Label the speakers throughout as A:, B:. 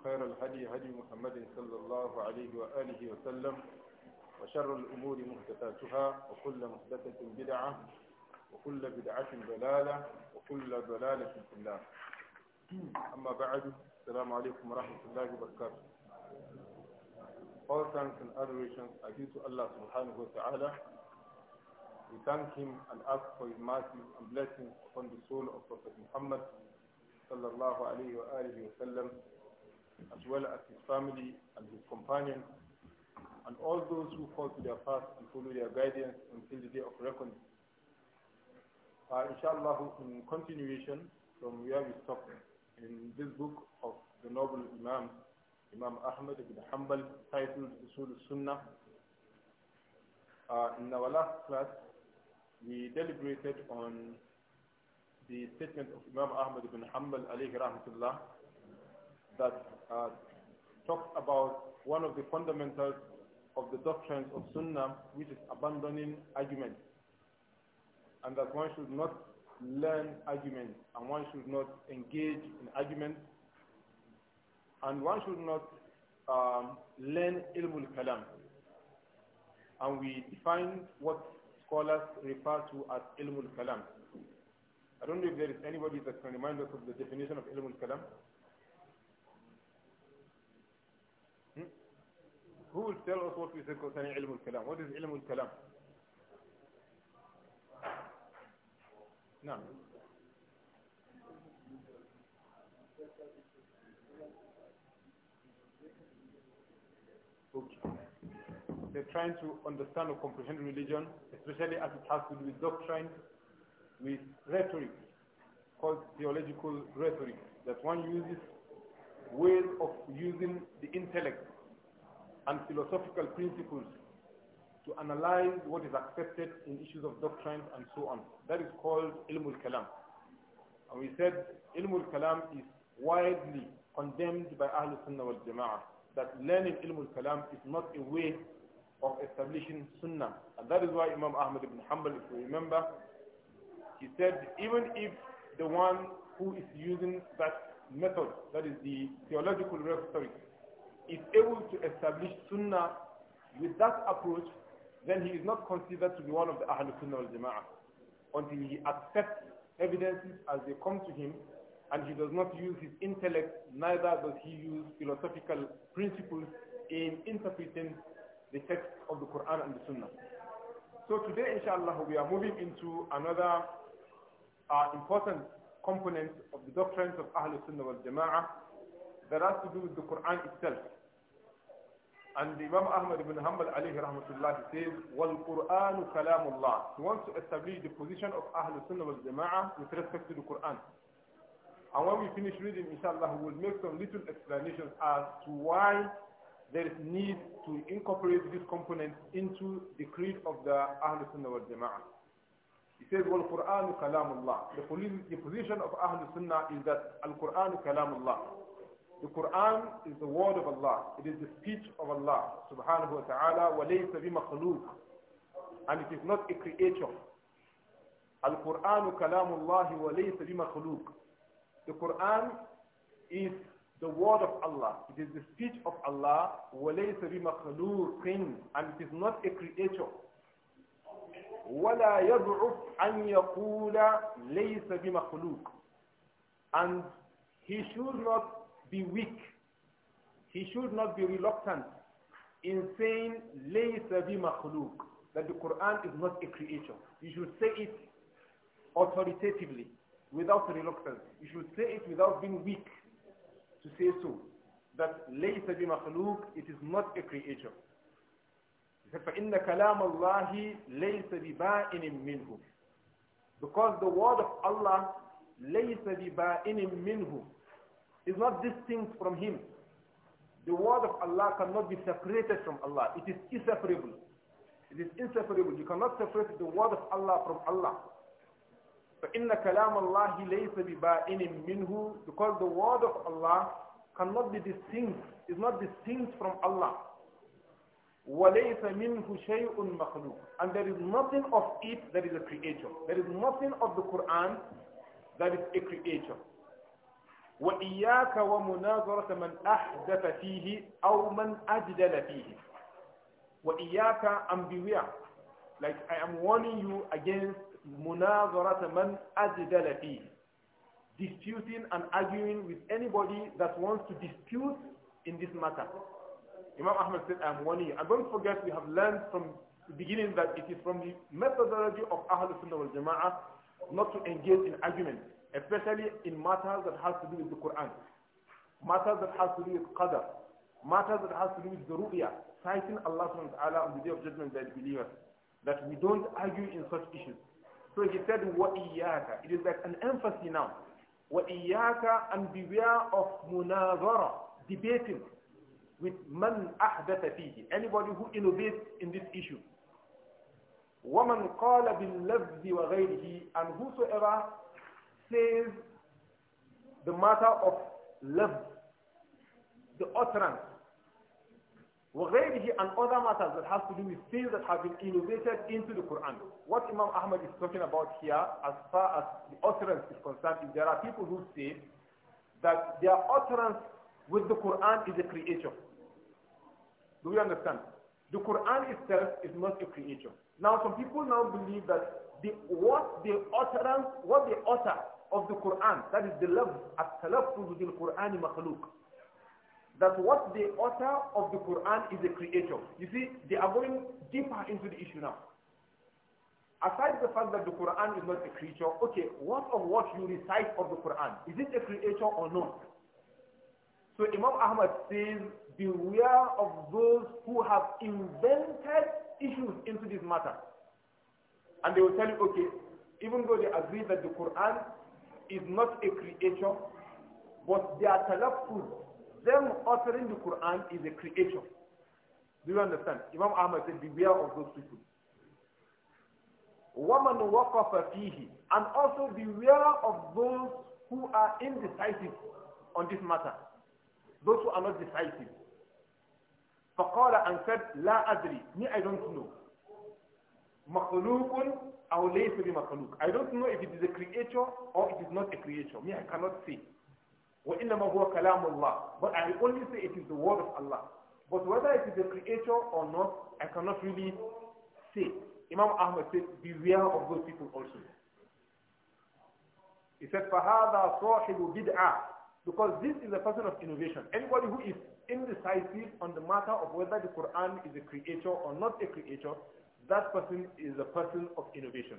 A: وخير الهدي هدي محمد صلى الله عليه وآله وسلم وشر الأمور محدثاتها وكل محدثة بدعة وكل بدعة ضلالة وكل ضلالة في الله أما بعد السلام عليكم ورحمة الله وبركاته All thanks and adorations are due to Allah subhanahu wa ta'ala. We thank Him and ask for His mercy and blessings upon the soul of Prophet Muhammad sallallahu alayhi wa وآله wa sallam as well as his family and his companions, and all those who follow to their path and follow their guidance until the day of reckoning. Uh, inshallah, in continuation from where we stopped in this book of the noble Imam, Imam Ahmad ibn Hanbal, titled Usul Sunnah. Uh, in our last class, we deliberated on the statement of Imam Ahmad ibn Hanbal alayhi rahmatullah that uh, talks about one of the fundamentals of the doctrines of Sunnah, which is abandoning argument, and that one should not learn argument, and one should not engage in argument, and one should not um, learn ilmul kalam. And we define what scholars refer to as ilmul kalam. I don't know if there is anybody that can remind us of the definition of ilmul kalam. Who will tell us what we said concerning ilm al-kalam? What is ilm al-kalam? No. Okay. They're trying to understand or comprehend religion, especially as it has to do with doctrine, with rhetoric, called theological rhetoric, that one uses ways of using the intellect and philosophical principles to analyze what is accepted in issues of doctrine and so on. That is called ilmul kalam. And we said ilmul kalam is widely condemned by Ahlul Sunnah wal Jama'ah that learning ilmul kalam is not a way of establishing sunnah. And that is why Imam Ahmad ibn Hanbal, if you remember, he said even if the one who is using that method, that is the theological rhetoric, is able to establish sunnah with that approach, then he is not considered to be one of the Ahlul Sunnah wal Jama'ah until he accepts evidences as they come to him and he does not use his intellect, neither does he use philosophical principles in interpreting the text of the Quran and the Sunnah. So today, inshallah, we are moving into another uh, important component of the doctrines of Ahlul Sunnah wal Jama'ah that has to do with the Quran itself. And Imam Ahmad ibn Hanbal alayhi rahmatullah says, وَالْقُرْآنُ كَلَامُ اللَّهِ He wants to establish the position of Ahlul Sunnah wal Jama'ah with respect to the Quran. And when we finish reading, inshallah, we will make some little explanations as to why there is need to incorporate this component into the creed of the Ahlul Sunnah wal Jama'ah. He says, وَالْقُرْآنُ Quran اللَّهِ the, the position of Ahlul Sunnah is that Al-Qur'an كَلَامُ the Quran is the word of Allah. It is the speech of Allah subhanahu wa ta'ala. وَلَيْسَ بِمَخْلُوقٍ And it is not a creator. Al-Quran كَلَامُ اللَّهِ وَلَيْسَ بِمَخْلُوقٍ The Quran is the word of Allah. It is the speech of Allah. وَلَيْسَ بِمَخْلُوقٍ And it is not a creator. وَلَا يَضْعُفْ أَن يَقُولَ لَيْسَ بِمَخْلُوقٍ And he should not be weak. He should not be reluctant in saying laysa bi makhluk that the Quran is not a creation. You should say it authoritatively, without reluctance. You should say it without being weak to say so. That laysa bi makhluk, it is not a creation. فإن كلام الله ليس ببائن منه because the word of Allah ليس ببائن منه is not distinct from him. The word of Allah cannot be separated from Allah. It is inseparable. It is inseparable. You cannot separate the word of Allah from Allah. فَإِنَّ كَلَامَ اللَّهِ لَيْسَ بِبَائِنٍ مِّنْهُ Because the word of Allah cannot be distinct, is not distinct from Allah. وَلَيْسَ مِنْهُ شَيْءٌ مَخْلُوقٌ And there is nothing of it that is a creature. There is nothing of the Quran that is a creature wa iyyaka مَنْ munazarata فِيهِ أَوْ مَنْ أَجْدَلَ فِيهِ ajdala fihi like i am warning you against munazarata man ajdala fihi disputing and arguing with anybody that wants to dispute in this matter Imam Ahmad said, I'm warning you. And don't forget, we have learned from the beginning that it is from the methodology of Ahlul Sunnah wal Jama'ah not to engage in arguments especially in matters that has to do with the Quran, matters that has to do with Qadr, matters that has to do with the Ru'ya, citing Allah subhanahu wa ta'ala on the day of judgment that believers, that we don't argue in such issues. So he said, وَإِيَّاكَ It is like an emphasis now. وَإِيَّاكَ And beware of munazara, debating with man أَحْدَثَ فِيهِ Anybody who innovates in this issue. وَمَنْ قَالَ بِاللَّفْزِ وَغَيْرِهِ And whosoever says the matter of love, the utterance, وغيره and other matters that has to do with things that have been innovated into the Quran. What Imam Ahmad is talking about here, as far as the utterance is concerned, is there are people who say that their utterance with the Quran is a creation. Do we understand? The Quran itself is not a creation. Now, some people now believe that the, what the utterance, what they utter of the Quran, that is the love, at-talaffuz bil Quran makhluq. That what the author of the Quran is a creator. You see, they are going deeper into the issue now. Aside the fact that the Quran is not a creature, okay, what of what you recite of the Quran? Is it a creature or not? So Imam Ahmad says, beware of those who have invented issues into this matter. And they will tell you, okay, even though they agree that the Quran is not a creation, but their talaffuz, them uttering the Quran is a creation. Do you understand? Imam Ahmad said, beware of those people. Woman waqafa fihi. And also beware of those who are indecisive on this matter. Those who are not decisive. فقال and said, لا أدري. Me, I don't know. مخلوق أو ليس بمخلوق I don't know if it is a creator or it is not a creator me I cannot say وإنما هو كلام Allah, but I only say it is the word of Allah but whether it is a creator or not I cannot really say Imam Ahmad said beware of those people also he said فهذا صاحب bid'ah because this is a person of innovation anybody who is indecisive on the matter of whether the Quran is a creator or not a creator that person is a person of innovation.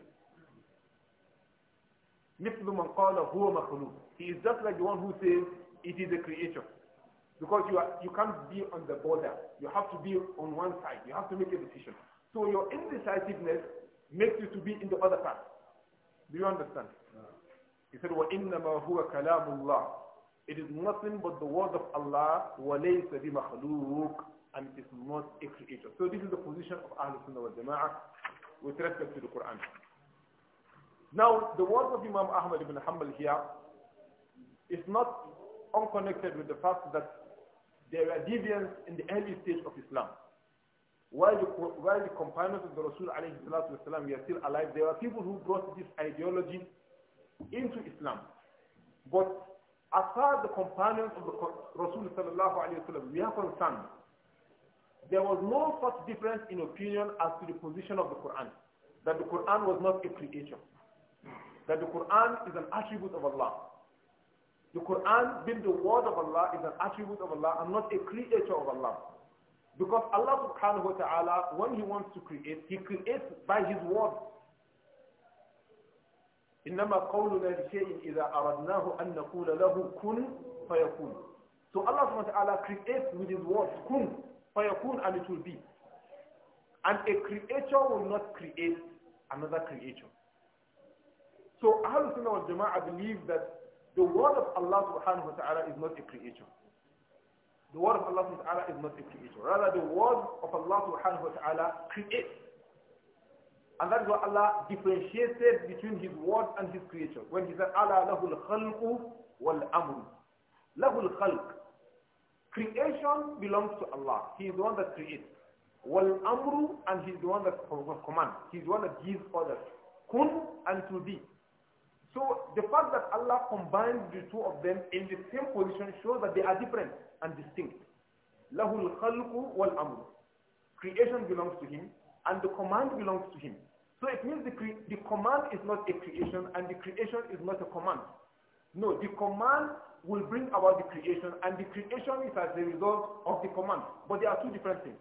A: مثل من قال هو He is just like the one who says it is a creature. Because you, are, you can't be on the border. You have to be on one side. You have to make a decision. So your indecisiveness makes you to be in the other path. Do you understand? He said, وَإِنَّمَا هُوَ كَلَامُ اللَّهِ It is nothing but the word of Allah, وَلَيْسَ بِمَخْلُوقٍ and it is not creator. So this is the position of Ahlul Sunnah wal Jama'ah with respect to the Quran. Now, the words of Imam Ahmad ibn Hanbal here is not unconnected with the fact that there were deviants in the early stage of Islam. While the, while the companions of the Rasul والسلام, were still alive, there were people who brought this ideology into Islam. But as far as the companions of the Rasul وسلم, we are concerned, there was no such difference in opinion as to the position of the Quran. That the Quran was not a creation. That the Quran is an attribute of Allah. The Quran being the word of Allah is an attribute of Allah and not a creator of Allah. Because Allah subhanahu wa ta'ala, when he wants to create, he creates by his word. إنما قولنا لشيء إذا أردناه أن نقول له كن فيكون. So Allah subhanahu wa ta'ala creates with his word, kun, فيكون and it will be. And a creator will not create another creator. So Ahlul Sunnah wal Jama'ah believe that the word of Allah subhanahu wa ta'ala is not a creator. The word of Allah subhanahu wa ta'ala is not a creator. Rather, the word of Allah subhanahu wa ta'ala creates. And that is why Allah differentiated between his word and his creature. When he said, Allah lahul khalqu wal amru. Lahul khalq. Creation belongs to Allah. He is the one that creates. Wal amru, and He is the one that commands. He is the one that gives orders. Kun and to be. So the fact that Allah combines the two of them in the same position shows that they are different and distinct. Lahul khalqu wal amru. Creation belongs to Him, and the command belongs to Him. So it means the, the command is not a creation, and the creation is not a command. No, the command will bring about the creation, and the creation is as a result of the command. But they are two different things.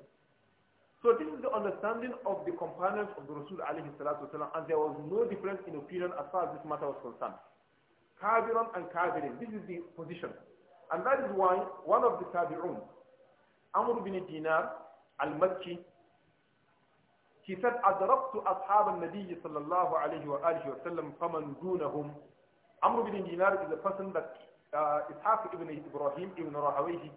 A: So this is the understanding of the companions of the Rasul alayhi salatu wasalam, and there was no difference in opinion as far as this matter was concerned. Kabiran and Kabirin, this is the position. And that is why one of the Tabi'un, Amr bin Dinar al-Makki, he said, أَدْرَبْتُ أَصْحَابَ النَّبِيِّ صَلَّى اللَّهُ عَلَيْهِ وَآلِهِ وَسَلَّمْ فَمَنْ دُونَهُمْ Amr ibn Dinar is a person that uh, Ishaq ibn Ibrahim ibn Rahawayhi,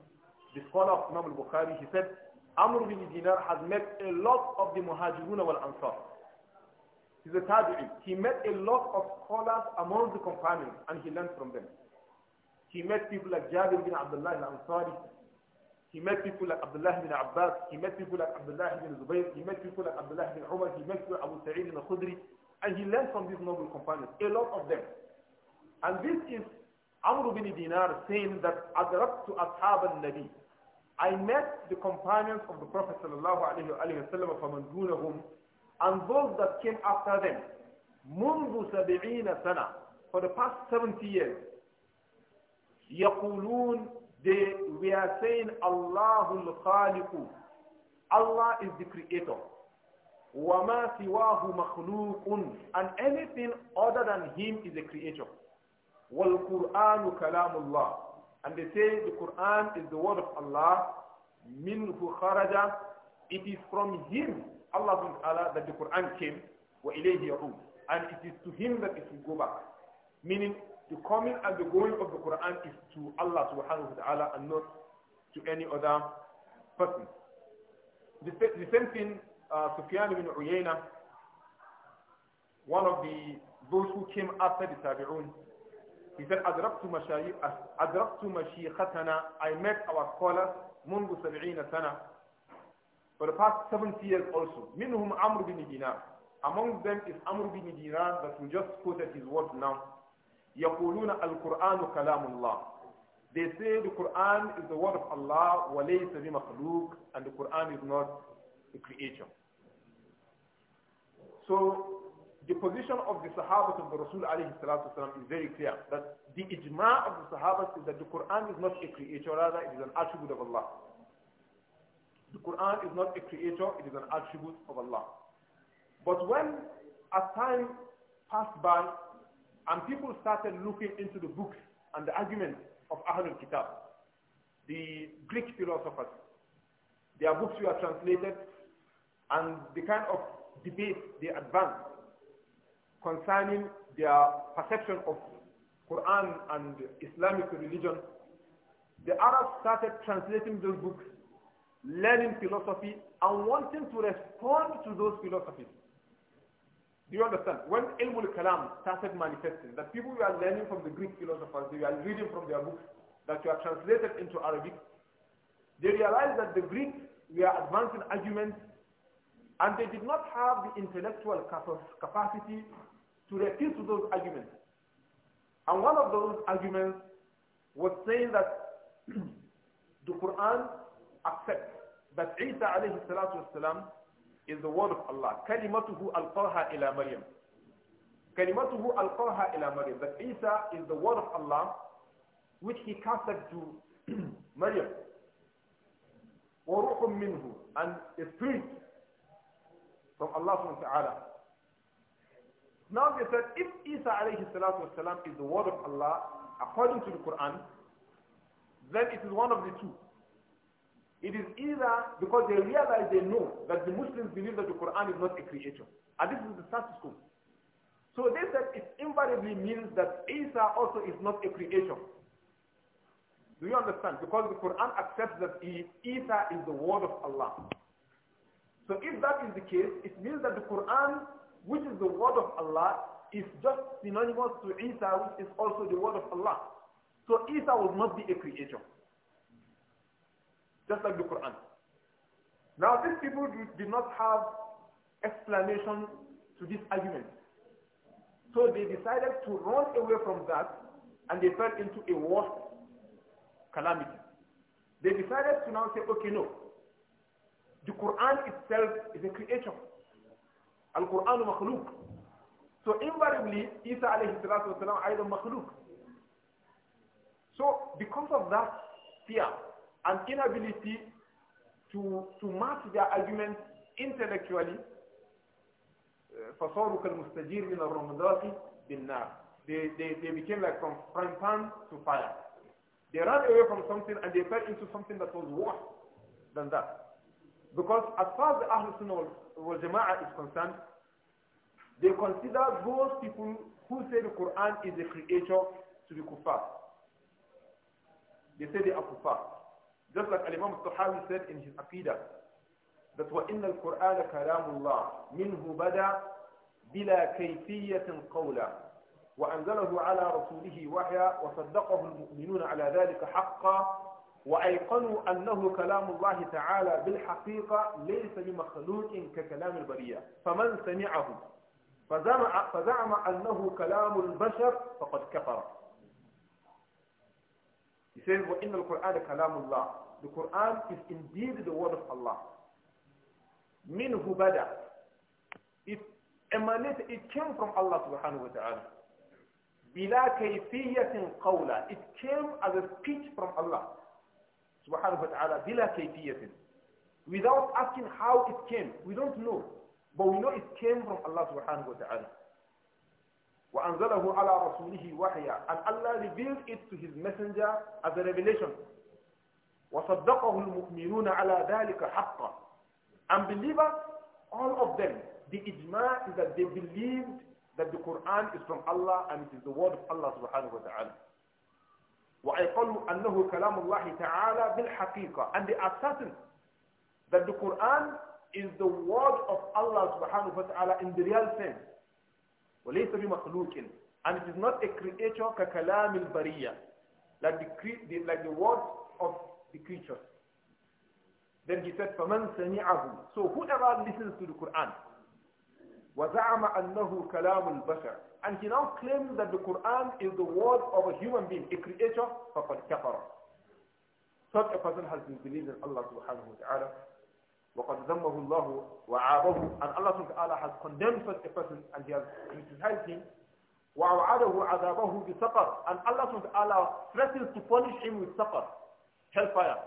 A: the scholar of Imam al-Bukhari, he said, Amr ibn Dinar has met a lot of the Muhajirun wal Ansar. He's a tabi'i. He met a lot of scholars among the companions and he learned from them. He met people like Jabir ibn Abdullah al-Ansari. He met people like Abdullah ibn Abbas. He met people like Abdullah ibn Zubayr. He met people like Abdullah ibn Umar. He met people like Abu Sa'id ibn Khudri. And he learned from these noble companions, a lot of them. And this is Amr bin Dinar saying that أَدْرَكْتُ أَصْحَابَ Nabi, I met the companions of the Prophet sallallahu alayhi wa sallam and those that came after them منذ سبعين سنة for the past 70 years يقولون they are saying الله الخالق Allah is the creator وما سواه مخلوق and anything other than him is a creature wal Qur'anu kalamullah. And they say the Quran is the word of Allah, minhu kharaja. It is from him, Allah subhanahu that the Quran came, wa ilayhi And it is to him that it will go back. Meaning, the coming and the going of the Quran is to Allah subhanahu wa ta'ala and not to any other person. The, the same thing, uh, Sufyan ibn Uyayna, one of the, those who came after the Tabi'un, he said, أدركت مشايخ أدركت مشيختنا I met our scholars منذ سبعين سنة for the past 70 years also منهم عمرو بن دينار among them is عمرو بن دينار that we just quoted his words now يقولون القرآن كلام الله They say the Quran is the word of Allah وَلَيْسَ بِمَخْلُوقٍ and the Quran is not a creation. So the position of the Sahaba of the Rasul alayhi salatu is very clear that the ijma of the Sahaba is that the Quran is not a creator, rather it is an attribute of Allah. The Quran is not a creator, it is an attribute of Allah. But when a time passed by and people started looking into the books and the arguments of Ahlul Kitab, the Greek philosophers, their books were translated and the kind of debate they advanced concerning their perception of Quran and Islamic religion, the Arabs started translating those books, learning philosophy, and wanting to respond to those philosophies. Do you understand? When al Kalam started manifesting, that people were learning from the Greek philosophers, they were reading from their books that were translated into Arabic, they realized that the Greeks were advancing arguments and they did not have the intellectual capacity to refute to those arguments. And one of those arguments was saying that the Quran accepts that Isa alayhi salatu wasalam is the word of Allah. Kalimatuhu alqaha ila Maryam. Kalimatuhu alqaha ila Maryam. That Isa is the word of Allah which he casted to Maryam. وروح منه and a spirit from Allah subhanahu wa ta'ala. Now they said, if Isa alayhi salatu wasalam is the word of Allah, according to the Quran, then it is one of the two. It is either because they realize they know that the Muslims believe that the Quran is not a creation. And this is the status quo. So they said it invariably means that Isa also is not a creation. Do you understand? Because the Quran accepts that Isa is the word of Allah. So if that is the case, it means that the Quran which is the word of Allah, is just synonymous to Isa, which is also the word of Allah. So Isa would not be a creator. Just like the Quran. Now these people did not have explanation to this argument. So they decided to run away from that and they fell into a worse calamity. They decided to now say, okay, no. The Quran itself is a creator. Al-Quran So invariably, Isa alayhi salatu wasalam either So because of that fear and inability to, to match their arguments intellectually, uh, فصارك المستجير من الرمضاء بالنار. They, they, they became like from frying pan to fire. They ran away from something and they fell into something that was worse than that. Because as far as the Ahlul Sunnah wal Jama'ah is concerned, they consider those people who say the Quran is a creator to be kuffar. They say they are kuffar. Just like Al-Imam al-Tahawi said in his Aqidah, that وَإِنَّ الْقُرْآنَ كَلَامُ اللَّهِ مِنْهُ بَدَى بِلَا كَيْفِيَّةٍ قَوْلًا وأنزله على رسوله وحيا وصدقه المؤمنون على ذلك حقا وأيقنوا أنه كلام الله تعالى بالحقيقة ليس بمخلوق ككلام البرية فمن سمعه فزعم, فزعم أنه كلام البشر فقد كفر He says, وَإِنَّ الْقُرْآنَ كَلَامُ اللَّهِ The Quran is indeed the word of Allah. مِنْهُ بَدَى It emanated, it came from Allah subhanahu wa ta'ala. بِلَا كَيْفِيَّةٍ قَوْلًا It came as a speech from Allah. subhanahu wa ta'ala bila kayfiyatin. Without asking how it came, we don't know. But we know it came from Allah subhanahu wa ta'ala. وَأَنْزَلَهُ عَلَىٰ رَسُولِهِ وَحْيًا And Allah revealed it to His messenger as a revelation. وَصَدَّقَهُ الْمُؤْمِنُونَ عَلَىٰ ذَٰلِكَ حَقًّا And believers, all of them, the ijma is that they believed that the Quran is from Allah and it is the word of Allah subhanahu wa ta'ala. أَنَّهُ كَلَامُ اللَّهِ تَعَالَى And they are certain that the Quran is the word of Allah subhanahu wa ta'ala in the real sense. وَلَيْسَ بِمَخْلُوقٍ And it is not a creature كَكَلَامِ الْبَرِيَّةِ like the, like the words of the creatures. Then he said, فَمَنْ سَمِعَهُ So whoever listens to the Quran, وزعم أنه كلام البشر and he now claims that the Quran is the word of a human being, a creator, فقد كفر. Such a person has been believing Allah subhanahu wa ta'ala. وقد ذمه الله وعابه and Allah subhanahu wa ta'ala has condemned such a person and he has criticized him. وعاده عذابه بسقر and Allah subhanahu wa ta'ala threatens to punish him with سقر, hellfire.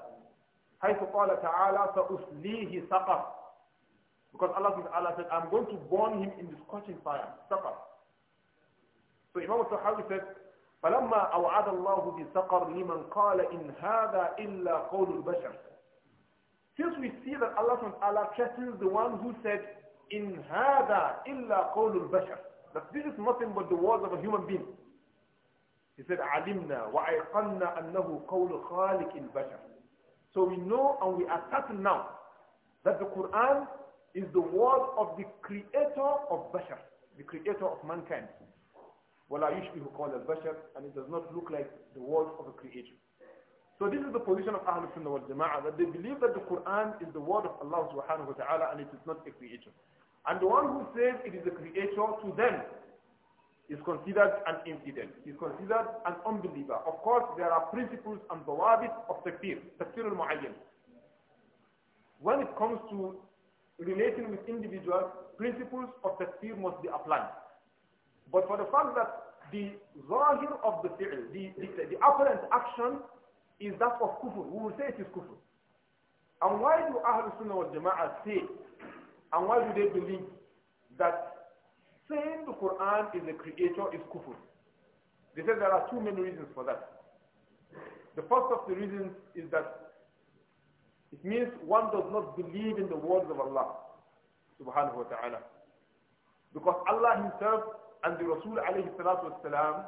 A: حيث قال تعالى سأسليه سقر Because Allah, says, Allah said, I'm going to burn him in the scorching fire, suffer. So Imam al-Tahawi said, فَلَمَّا أَوْعَدَ اللَّهُ بِسَقَرْ لِمَنْ قَالَ إِنْ هَذَا إِلَّا قَوْلُ الْبَشَرِ Since we see that Allah Allah threatens the one who said, إِنْ هَذَا إِلَّا قَوْلُ الْبَشَرِ That this is nothing but the words of a human being. He said, عَلِمْنَا وَأَيْقَنَّا أَنَّهُ قَوْلُ خَالِقِ الْبَشَرِ So we know and we are certain now that the Quran is the word of the creator of Bashar, the creator of mankind. وَلَا call قَوْلَ Bashar, And it does not look like the word of a creator. So this is the position of Ahlul Sunnah wal Jama'ah, that they believe that the Quran is the word of Allah subhanahu wa ta'ala and it is not a creator. And the one who says it is a creator to them is considered an infidel, is considered an unbeliever. Of course, there are principles and dawabit of takfir, takfir al-mu'ayyan. When it comes to relating with individuals, principles of tafsir must be applied. But for the fact that the zahir of the fi'l, the, the, the apparent action is that of kufr, we will say it is kufr. And why do Ahlul Sunnah wal Jama'ah say, and why do they believe that saying the Quran is a creator is kufr? They say there are two main reasons for that. The first of the reasons is that it means one does not believe in the words of Allah subhanahu wa ta'ala. Because Allah himself and the Rasul alayhi salatu wasalam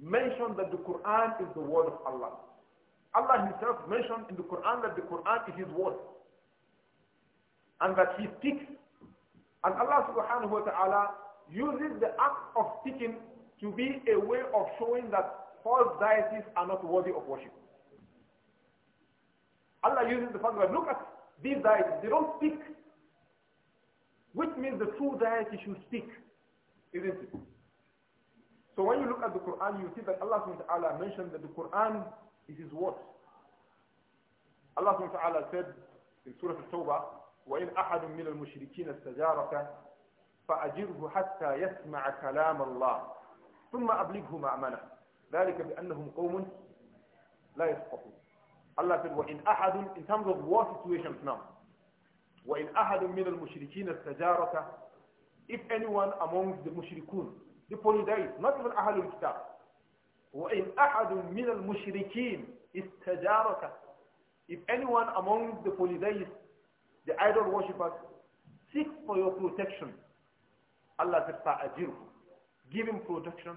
A: mentioned that the Quran is the word of Allah. Allah himself mentioned in the Quran that the Quran is his word. And that he speaks. And Allah subhanahu wa ta'ala uses the act of speaking to be a way of showing that false deities are not worthy of worship. Allah uses the first word. Look at these deities. They don't speak. Which means the true deity should speak. Isn't it? So when you look at the Quran, you see that Allah subhanahu wa ta'ala mentioned that the Quran is his word. Allah subhanahu wa ta'ala said in Surah Al-Tawbah, وَإِنْ أَحَدٌ مِّنَ الْمُشْرِكِينَ اسْتَجَارَكَ فَأَجِرْهُ حَتَّى يَسْمَعَ كَلَامَ اللَّهِ ثُمَّ أَبْلِغْهُ مَأْمَنَهُ ذَلِكَ بِأَنَّهُمْ قَوْمٌ لَا يَفْقَهُونَ Allah said, وَإِنْ أَحَدٌ In terms of war situations now. وَإِنْ أَحَدٌ مِنَ الْمُشْرِكِينَ السَّجَارَةَ If anyone among the mushrikun, the polytheists, not even Ahlul Kitab, وَإِنْ أَحَدٌ مِنَ الْمُشْرِكِينَ السَّجَارَةَ If anyone among the polytheists, the idol worshippers, seek for your protection, Allah said, فَأَجِرْهُ Give him protection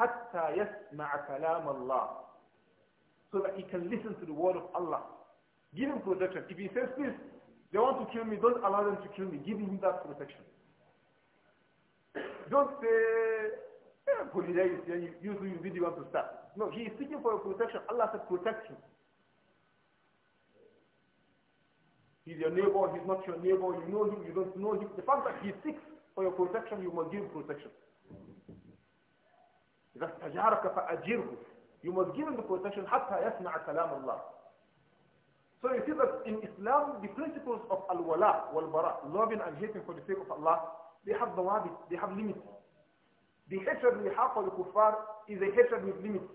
A: حتى يسمع كلام الله so that he can listen to the word of Allah. Give him protection. If he says, please, they want to kill me, don't allow them to kill me. Give him that protection. Don't say, yeah, police, yeah, you, you, you want to start. No, he is seeking for your protection. Allah said, protect him. He's your neighbor, he's not your neighbor, you know him, you don't know him. The fact that he seeks for your protection, you must give protection. You must give him the protection حتى يسمع كلام الله. So you see that in Islam, the principles of al-wala wal-bara, loving and hating for the sake of Allah, they have the limit, they have limits. The hatred we have for the kuffar is a hatred with limits.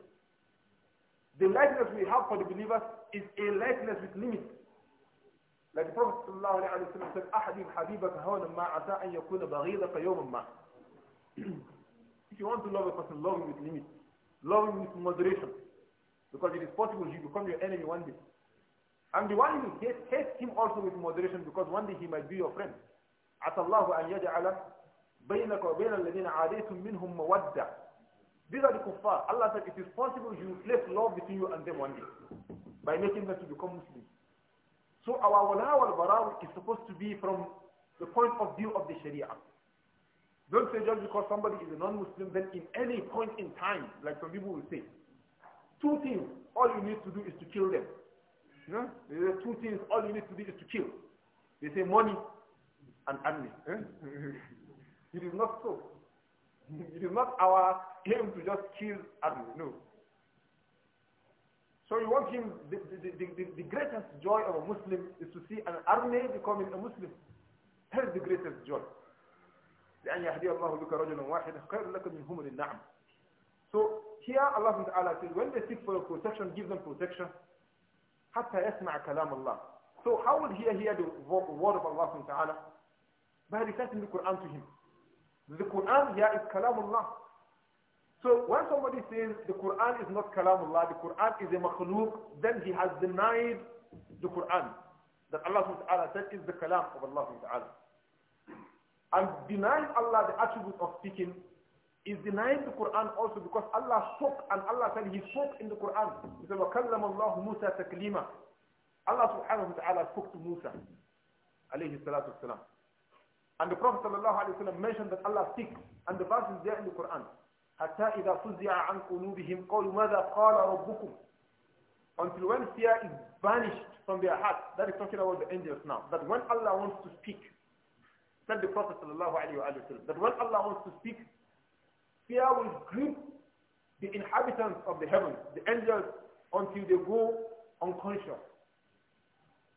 A: The likeness we have for the believers is a likeness with limits. Like the Prophet ﷺ said, أحدهم حبيبك هونا ما عسى أن يكون بغيضك يوما ما. If you want to love a person, love him with limits loving with moderation. Because it is possible you become your enemy one day. And the one who hate, hate him also with moderation because one day he might be your friend. عَسَى اللَّهُ أَنْ بَيْنَكَ وَبَيْنَ الَّذِينَ مِّنْهُم These are the kuffar. Allah said it is possible you place love between you and them one day by making them to become Muslims. So our wala wal bara is supposed to be from the point of view of the Sharia. Don't say just because somebody is a non-Muslim, then in any point in time, like some people will say, two things, all you need to do is to kill them. You know? There are two things, all you need to do is to kill. They say money and army. Eh? it is not so. It is not our aim to just kill army, no. So you want him, the, the, the, the greatest joy of a Muslim is to see an army becoming a Muslim. That is the greatest joy. لأن يهدي الله بك رجلا واحدا خير لك من هم النعم So here Allah Ta'ala says when they seek for your protection, give them protection. حتى يسمع كلام الله. So how would he hear the word of Allah Ta'ala? By reciting the Quran to him. The Quran here is كلام الله. So when somebody says the Quran is not كلام الله, the Quran is a makhluk, then he has denied the Quran. That Allah Ta'ala said is the كلام of Allah Ta'ala. And denying Allah the attribute of speaking is denying the Quran also because Allah spoke and Allah said He spoke in the Quran. He said, وَكَلَّمَ اللَّهُ مُوسَى تَكْلِيمًا Allah subhanahu wa ta'ala spoke to Musa alayhi salatu And the Prophet sallallahu alayhi wa mentioned that Allah speaks and the verse is there in the Quran. حَتَّى إِذَا فُزِّعَ عَنْ قُلُوبِهِمْ قَالُوا مَاذَا قَالَ رَبُّكُمْ Until when fear is banished from their hearts. That is talking about the angels now. That when Allah wants to speak, Said the Prophet that when Allah wants to speak, fear will grip the inhabitants of the heavens, the angels, until they go unconscious.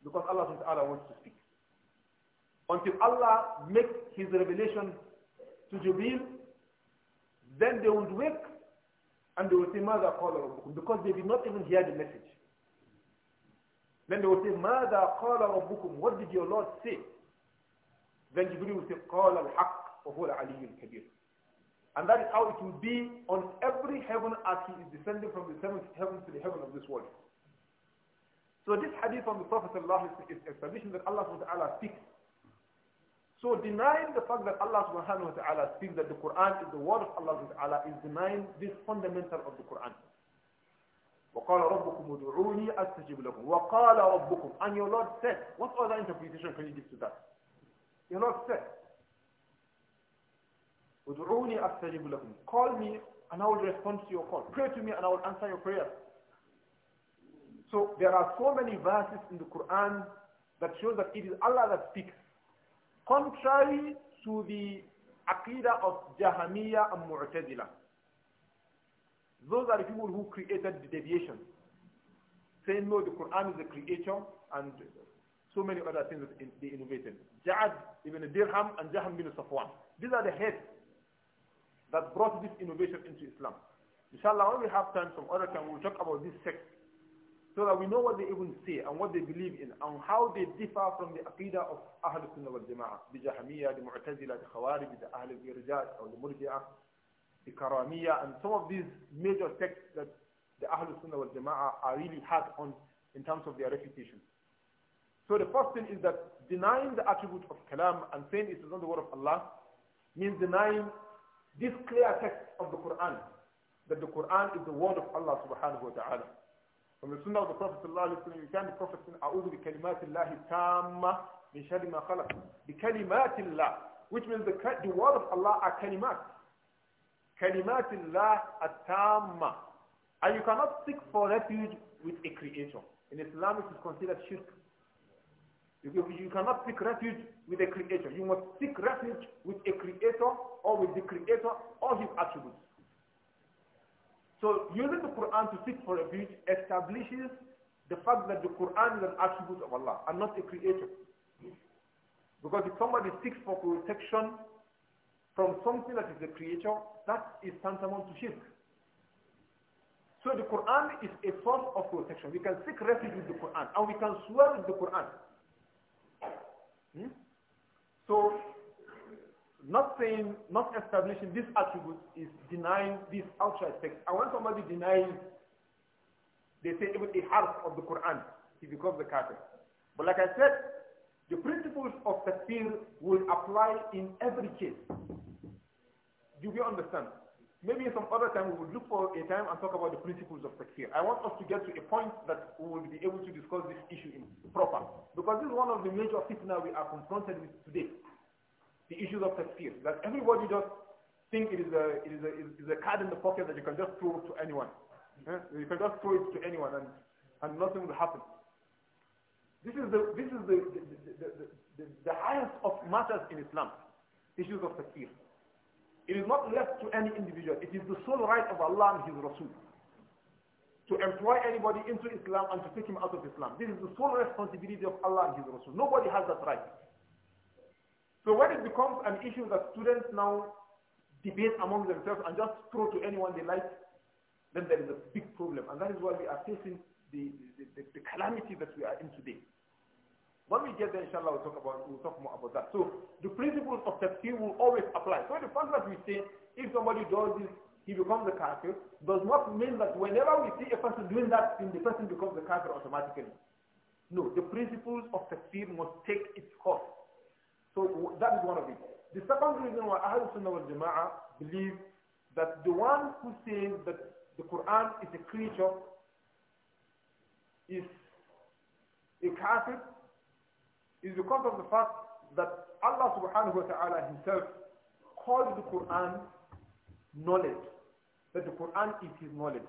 A: Because Allah Allah wants to speak. Until Allah makes his revelation to Jibreel, then they would wake and they will say, ماذا قال ربكم? Because they did not even hear the message. Then they will say, ماذا قال ربكم? What did your Lord say? Then Jibril will say, قال الحق وهو العلي الكبير. And that is how it will be on every heaven as he is descending from the seventh heaven to the heaven of this world. So this hadith from the Prophet is establishing that Allah SWT speaks. So denying the fact that Allah subhanahu wa ta'ala speaks that the Quran is the word of Allah subhanahu wa ta'ala is denying this fundamental of the Quran. وقال ربكم استجب لكم وقال ربكم and your Lord said what other interpretation can you give to that you're not set. Ud'uni astajib Call me and I will respond to your call. Pray to me and I will answer your prayer. So there are so many verses in the Quran that shows that it is Allah that speaks. Contrary to the aqidah of Jahamiya and Mu'tazila. Those are the people who created the deviation. Saying no, the Quran is the creator and so many other things that in, they innovated. Ja'ad ibn Dirham and Jaham bin Safwan. These are the heads that brought this innovation into Islam. Inshallah, when we have time, some other time, we'll talk about this sect so that we know what they even say and what they believe in and how they differ from the aqidah of Ahl Sunnah wal Jama'ah, the Jahmiyyah, the Mu'tazila, the Khawarij, the Ahl al or the Murji'ah, the Karamiyah, and some of these major sects that the Ahl Sunnah wal Jama'ah are really hard on in terms of their refutation. So the first thing is that denying the attribute of kalam and saying it is not the word of Allah means denying this clear text of the Quran, that the Quran is the word of Allah subhanahu wa ta'ala. From the sunnah of the Prophet sallallahu alayhi wa you can be in أعوذ bi kalimatillahi tamma min شر ma خلق. bi kalimatillah, which means the, the word of Allah are kalimat. kalimatillah الله التامة. And you cannot seek for refuge with a creator. In Islam it is considered shirk. You cannot seek refuge with a creator. You must seek refuge with a creator or with the creator or his attributes. So using the Quran to seek for refuge establishes the fact that the Quran is an attribute of Allah and not a creator. Because if somebody seeks for protection from something that is a creator, that is tantamount to shirk. So the Quran is a source of protection. We can seek refuge with the Quran and we can swear with the Quran. Hmm? So, not saying, not establishing these attributes is denying these outside text. And when somebody denies, they say even a half of the Quran, he becomes a kafir. But like I said, the principles of tafsir will apply in every case. Do we understand? Maybe some other time we will look for a time and talk about the principles of takfir. I want us to get to a point that we will be able to discuss this issue in proper. Because this is one of the major fitna we are confronted with today. The issues of takfir. That everybody just think it is a, it is a, it is a card in the pocket that you can just throw to anyone. Yeah? You can just throw it to anyone and, and nothing will happen. This is the, this is the, the, the, the, the highest of matters in Islam. Issues of takfir. It is not left to any individual. It is the sole right of Allah and His Rasul to employ anybody into Islam and to take him out of Islam. This is the sole responsibility of Allah and His Rasul. Nobody has that right. So when it becomes an issue that students now debate among themselves and just throw to anyone they like, then there is a big problem. And that is why we are facing the, the, the, the calamity that we are in today. When we get there, inshallah, we'll talk about we'll talk more about that. So the principles of tafsir will always apply. So the fact that we say if somebody does this, he becomes a kafir, does not mean that whenever we see a person doing that thing, the person becomes a kafir automatically. No, the principles of tafsir must take its course. So that is one of it. The second reason why Ahlul Sunnah wal Jama'ah believe that the one who says that the Quran is a creature is a kafir is because of the fact that Allah subhanahu wa ta'ala himself called the Quran knowledge. That the Quran is his knowledge.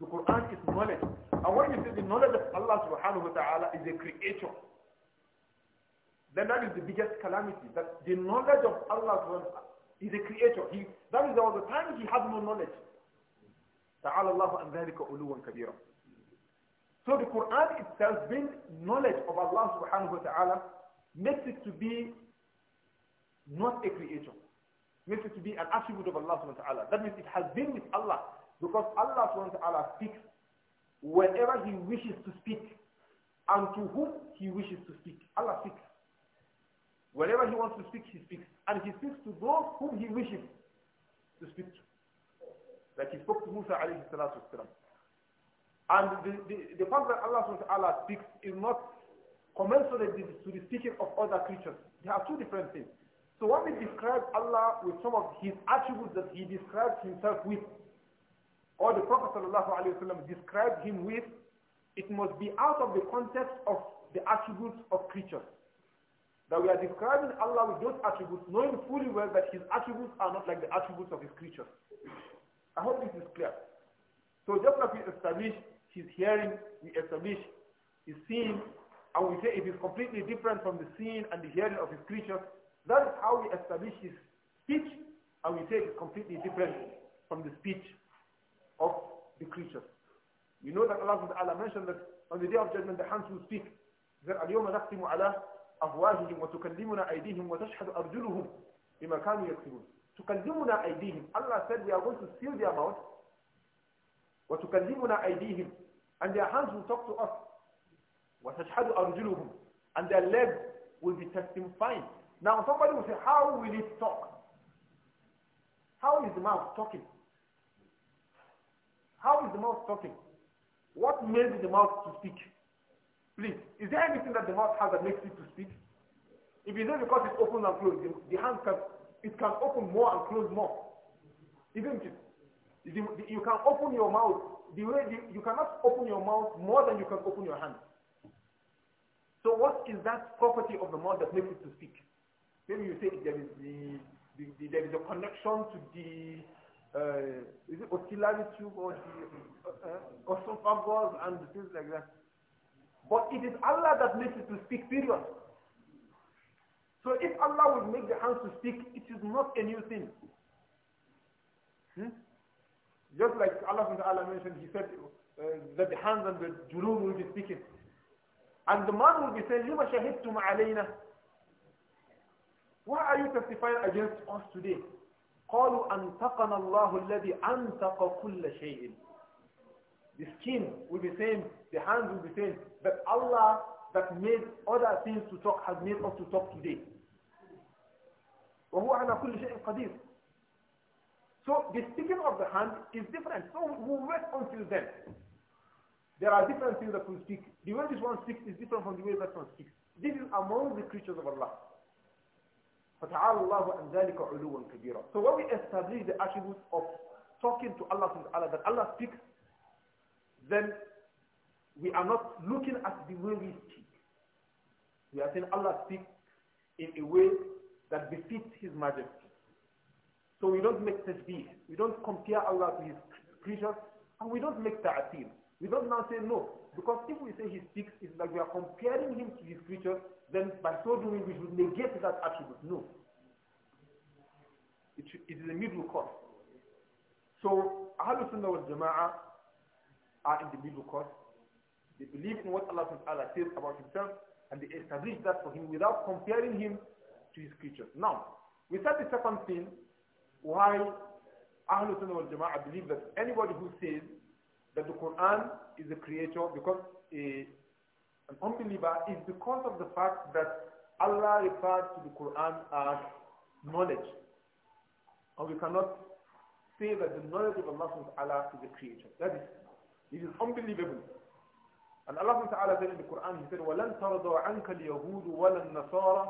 A: The Quran is knowledge. And when you say the knowledge of Allah subhanahu wa ta'ala is a creator, then that is the biggest calamity. That the knowledge of Allah Subhanahu Wa is a creator. He, that is all the time he has no knowledge. تعالى الله عن ذلك علوا كبيرا so the Quran itself, being knowledge of Allah subhanahu wa ta'ala, makes it to be not a creation. Makes it to be an attribute of Allah subhanahu wa ta'ala. That means it has been with Allah because Allah subhanahu wa ta'ala speaks whenever he wishes to speak and to whom he wishes to speak. Allah speaks. Whenever he wants to speak, he speaks. And he speaks to those whom he wishes to speak to. Like he spoke to Musa alayhi salatu and the, the, the fact that Allah taala speaks is not commensurate to the speaking of other creatures. They are two different things. So when we describe Allah with some of his attributes that he describes himself with, or the Prophet ﷺ described him with, it must be out of the context of the attributes of creatures. That we are describing Allah with those attributes, knowing fully well that his attributes are not like the attributes of his creatures. I hope this is clear. So just like we established she's hearing, we establish is seeing, and we say it is completely different from the seeing and the hearing of his creatures. That is how we establish his speech, and we say it is completely different from the speech of the creatures. You know that Allah Ta'ala mentioned that on the day of judgment the hands will speak. He said, اليوم نختم على أفواههم وتكلمنا أيديهم وتشهد أرجلهم بما كانوا يكسبون. تكلمنا أيديهم. Allah said we are going to seal their mouth. وتكلمنا أيديهم. And their hands will talk to us. وَتَشْحَدُ أَرْجُلُهُمْ And their legs will be testifying. Now somebody will say, how will it talk? How is the mouth talking? How is the mouth talking? What made the mouth to speak? Please, is there anything that the mouth has that makes it to speak? If it's not because it opens and closes, the, the hand can, it can open more and close more. Even You can open your mouth the way the, you cannot open your mouth more than you can open your hand. So what is that property of the mouth that makes it to speak? Maybe you say there is the, the, the there is a connection to the uh, is it ocillary tube or the uh, esophagus and things like that. But it is Allah that makes it to speak. Period. So if Allah will make the hands to speak, it is not a new thing. Hmm? Just like Allah mentioned, he said uh, that the hands and the junoon will be speaking. And the man will be saying, لِمَ شَهِدْتُمْ alayna. Why are you testifying against us today? قَالُوا أَنْتَقَنَ اللَّهُ الَّذِي أَنْتَقَ كُلَّ شَيْءٍ The skin will be saying, the hands will be saying, that Allah that made other things to talk has made us to talk today. وَهُوَ عَلَى كُلِّ شَيْءٍ قَدِيرٍ so the sticking of the hand is different. So we will wait until then. There are different things that will speak. The way this one speaks is different from the way that one speaks. This is among the creatures of Allah. الله عن ذلك علوا كبيرا. So when we establish the attributes of talking to Allah that Allah speaks, then we are not looking at the way we speak. We are saying Allah speaks in a way that befits His majesty. So we don't make tasbih. We don't compare Allah to his creatures. And we don't make ta'atil. We don't now say no. Because if we say he speaks, it's like we are comparing him to his creatures. Then by so doing, we should negate that attribute. No. It, should, it is a middle course. So Ahlul Sunnah wal Jama'ah are in the middle course. They believe in what Allah says about himself and they establish that for him without comparing him to his creatures. Now, we said the second thing why Ahlul Sunnah wal Jama'ah believe that anybody who says that the Quran is the creator because a, eh, an unbeliever is because of the fact that Allah refers to the Quran as knowledge. And we cannot say that the knowledge of Allah subhanahu is the creator. That is, it is unbelievable. And Allah subhanahu ta'ala said in the Quran, He said, وَلَن تَرْضَوْ عَنْكَ الْيَهُودُ وَلَا النَّصَارَ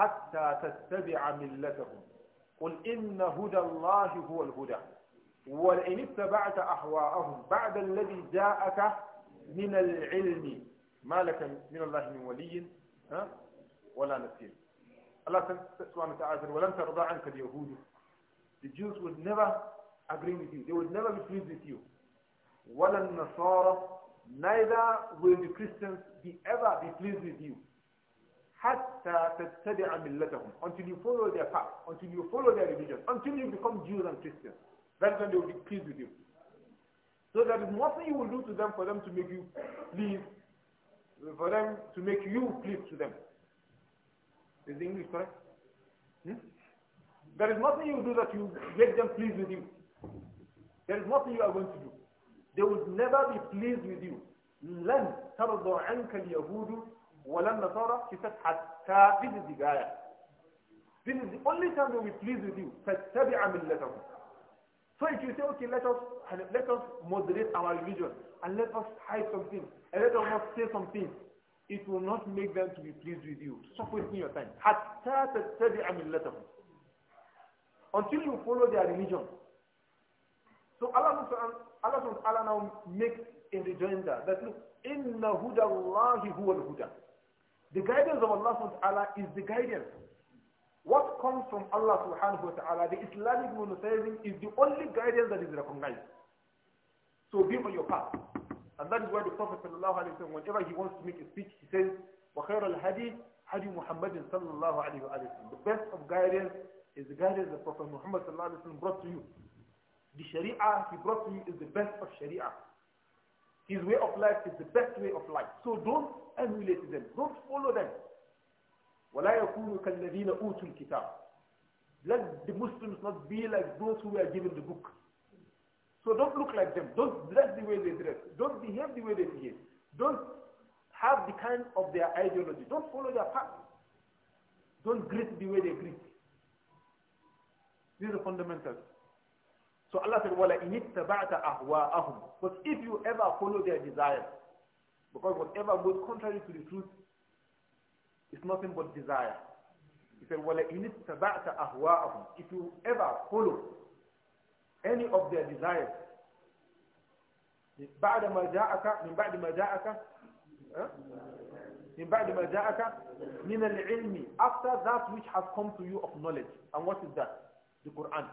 A: حَتَّى تَتَّبِعَ مِلَّتَهُمْ قل إن هدى الله هو الهدى ولئن اتبعت أهواءهم بعد الذي جاءك من العلم ما لك من الله من ولي ها ولا نصير Allah subhanahu wa ta'ala وَلَمْ تَرْضَى عَنْكَ الْيَهُودِ The Jews would never agree with you. They would never be pleased with you. وَلَا النَّصَارَى Neither will the Christians be ever be pleased with you. hatta tattabi'a millatahum until you follow their path until you follow their religion until you become Jews and Christians that's when they will be pleased with you so there is nothing you will do to them for them to make you please for them to make you please to them is the English correct hmm? there is nothing you do that you make them pleased with you there is nothing you are going to do they will never be pleased with you لن ترضى عنك اليهود ولن نصارى في فتحة حتى this this is the only time they will be pleased with you فاتبع ملتهم so if you say okay let us let us moderate our religion and let us hide something and let us not say something it will not make them to be pleased with you stop wasting your time حتى تتبع ملتهم until you follow their religion so Allah Allah now makes a rejoinder that look إن هدى الله هو الهدى The guidance of Allah subhanahu wa ta'ala is the guidance. What comes from Allah subhanahu wa ta'ala, the Islamic monotheism is the only guidance that is recognized. So be on your path. And that is why the Prophet sallallahu alayhi wa whenever he wants to make a speech, he says, وَخَيْرَ الْهَدِي هَدِي مُحَمَّدٍ صلى الله عليه وسلم. The best of guidance is the guidance that Prophet Muhammad sallallahu alayhi wa sallam brought to you. The Sharia he brought to you is the best of Sharia. His way of life is the best way of life. So don't emulate them. Don't follow them. وَلَا أُوتُوا الْكِتَابِ Let the Muslims not be like those who were given the book. So don't look like them. Don't dress the way they dress. Don't behave the way they behave. Don't have the kind of their ideology. Don't follow their path. Don't greet the way they greet. These are fundamentals. So Allah said, وَلَا اتَّبَعْتَ أَهْوَاءَهُمْ But if you ever follow their desires, because whatever goes contrary to the truth is nothing but desire. He said, وَلَئِنِ اتَّبَعْتَ أَهْوَاءَهُمْ If you ever follow any of their desires, بعد ما جاءك من بعد ما جاءك من بعد ما جاءك من after that which has come to you of knowledge and what is that the Quran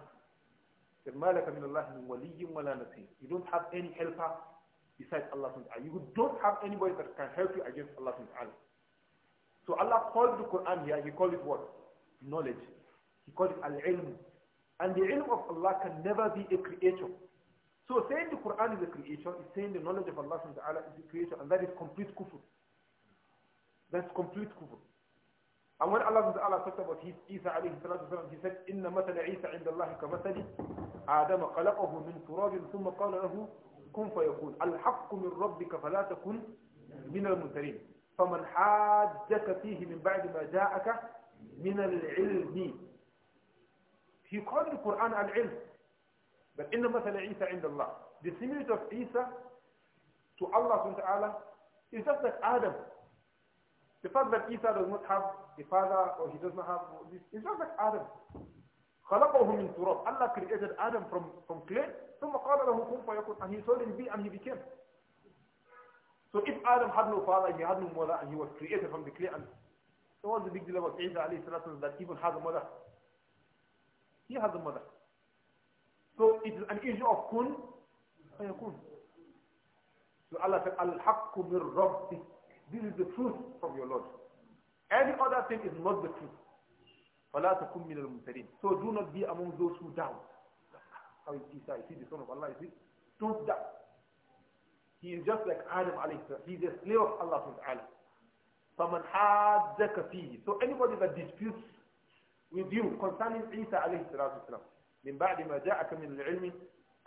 A: ما لك من الله من you don't have any helper besides Allah subhanahu You don't have anybody that can help you against Allah subhanahu So Allah called the Quran here, he called it what? Knowledge. He called it al-ilm. And the ilm of Allah can never be a creator. So saying the Quran is a creation is saying the knowledge of Allah subhanahu is a creation and that is complete kufr. That's complete kufr. And when Allah subhanahu talked about his Isa alayhi salatu wasalam, he said, إِنَّ مَثَلَ عِيسَى عِنْدَ اللَّهِ كَمَثَلِ آدَمَ خَلَقَهُ مِنْ تُرَابٍ ثُمَّ قَالَ لَهُ كن فيكون الحق من ربك فلا تكن من المنترين فمن حاجك فيه من بعد ما جاءك من العلم في قول القرآن العلم بل إن مثل عيسى عند الله the similitude of Isa to Allah subhanahu wa is just like Adam the fact that Isa does not have a father or he does not have this is just like Adam خلقه من تراب Allah created Adam from, from clay ثم قال له كن فيكون and he told him be and he became so if Adam had no father he had no mother and he was created from the clay and so what's the big deal about Isa alayhi salatu that even has a mother he has a mother so it is an issue of kun فيكون so Allah said الحق من min this is the truth from your Lord any other thing is not the truth فلا تكن من الممترين so do not be among those who doubt How is Isa? Is he the son of Allah? Is he? Don't doubt. He is just like Adam alayhi He is a slave of Allah subhanahu wa ta'ala. So anybody that disputes with you concerning Isa alayhi salatu من بعد ما جاءك من العلم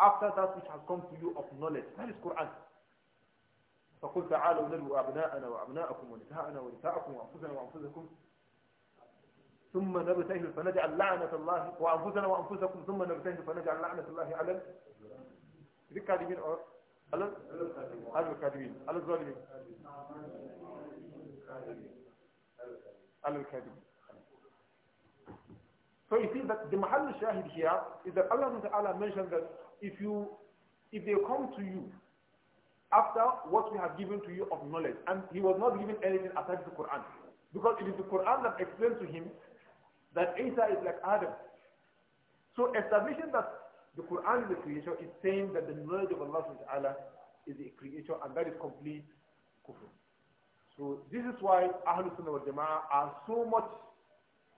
A: after that which has come to you of knowledge that is Quran فقل تعالوا ندعو أبناءنا وأبناءكم ونساءنا ونساءكم وأنفسنا وأنفسكم ثم نبتهل فنجعل لعنة الله وأنفسنا وأنفسكم ثم نبتهل فنجعل لعنة الله على الكاذبين أو على الكاذبين على الظالمين على الكاذبين So you see that the Mahal Shahid here is that Allah Ta'ala mentioned that if you, if they come to you after what we have given to you of knowledge, and he was not given anything aside the Quran, because it is the Quran that explains to him that Isa is like Adam. So establishing that the Quran is a creation is saying that the knowledge of Allah subhanahu is a creation and that is complete kufr. So this is why Ahlul Sunnah wal Jama'ah are so much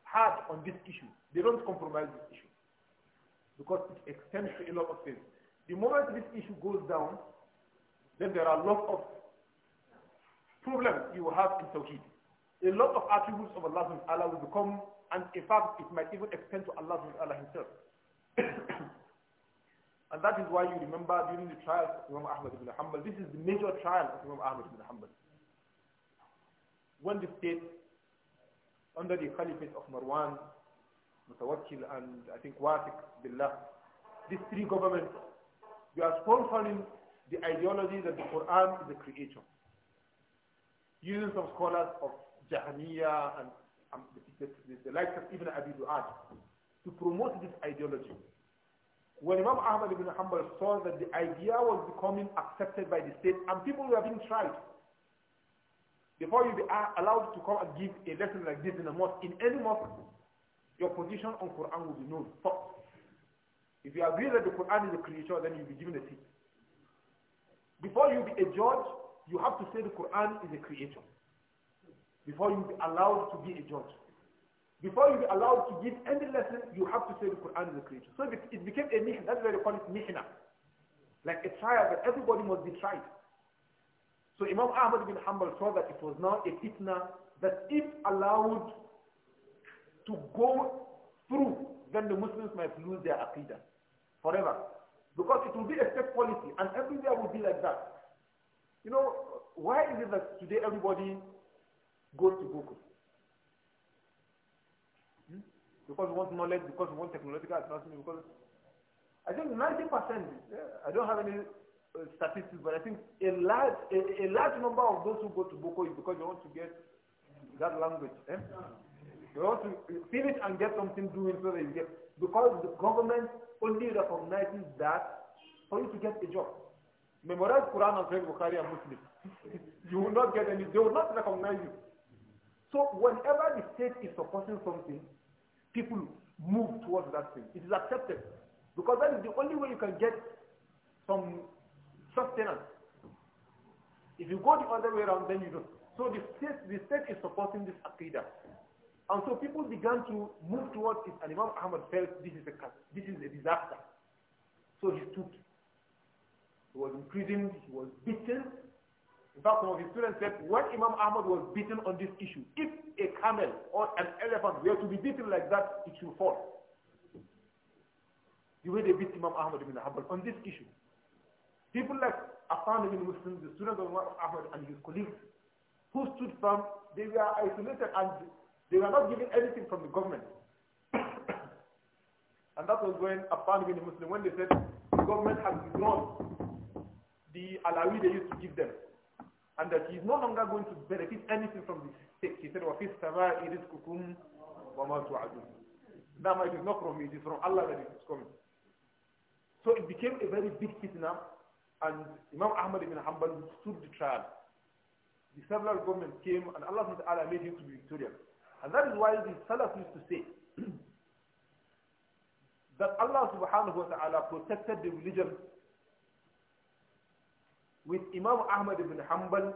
A: hard on this issue. They don't compromise this issue because it extends to a lot of things. The moment this issue goes down, then there are a lot of problems you will have in Tawheed. A lot of attributes of Allah subhanahu will become and in fact, it might even extend to Allah himself. and that is why you remember during the trial of Imam Ahmad ibn Hanbal, this is the major trial of Imam Ahmad ibn Hanbal. When the state, under the caliphate of Marwan, Mutawakkil and I think Wafiq Billah, these three governments, they are sponsoring the ideology that the Quran is the creation. Using some scholars of Jahaniya and um, the, the, the, likes of Ibn Abi Du'ad, to promote this ideology. When Imam Ahmad ibn Hanbal saw that the idea was becoming accepted by the state and people were being tried, before you be uh, allowed to come and give a lesson like this in a mosque, in any mosque, your position on Quran will be known. But if you agree that the Quran is a creature, then you'll be given a seat. Before you be a judge, you have to say the Quran is a creature before you be allowed to be a judge. Before you be allowed to give any lesson, you have to say the Quran is the creation. So it, it became a mihna. That's why they call it mihna. Like a trial that everybody must be tried. So Imam Ahmad bin Hanbal saw that it was now a fitna that if allowed to go through, then the Muslims might lose their aqidah forever. Because it will be a state policy and everywhere will be like that. You know, why is it that today everybody go to Google. Hmm? Because we want knowledge, because we want technological advancement, because I think 90%, eh, I don't have any uh, statistics, but I think a large, a, a, large number of those who go to Boko is because they want to get that language. Eh? They want to eh, finish and get something doing so that you get, because the government only recognizes that for you to get a job. Memorize Quran and read Bukhari and Muslim. you will not get any, they will not recognize you. So whenever the state is supporting something, people move towards that thing. It is accepted. Because that is the only way you can get some sustenance. If you go the other way around, then you don't. So the state, the state is supporting this aqidah. And so people began to move towards it, and Imam Ahmad felt this is a, this is a disaster. So he took. He was imprisoned, he was beaten, in fact, some of his students said, when Imam Ahmad was beaten on this issue, if a camel or an elephant were to be beaten like that, it should fall. The way they beat Imam Ahmad ibn Hanbal on this issue. People like Affan ibn Muslim, the students of Imam Ahmad and his colleagues, who stood firm, they were isolated and they were not given anything from the government. and that was when Affan ibn Muslim, when they said, the government has withdrawn the alawi they used to give them and that he is no longer going to benefit anything from this state. He said, وَفِي السَّمَاءِ رِزْقُكُمْ وَمَا تُوعَدُونَ That might is not from me, it is from Allah that it is coming. So it became a very big fitna, and Imam Ahmad ibn Hanbal stood the trial. The several governments came, and Allah Ta'ala made him to be victorious. And that is why the Salaf used to say that Allah subhanahu wa ta'ala protected the religion with Imam Ahmad ibn Hanbal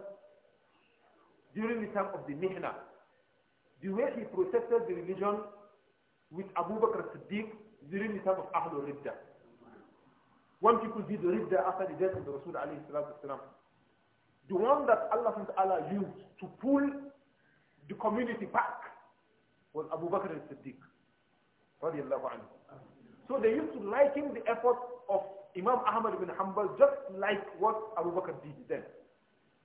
A: during the time of the Mihna. The way he protected the religion with Abu Bakr Siddiq during the time of Ahlul Ridda. When people did the Ridda after the death of the Rasul alayhi salatu The one that Allah SWT used to pull the community back was Abu Bakr siddiq So they used to liken the effort of Imam Ahmad ibn Hanbal just like what Abu Bakr did then.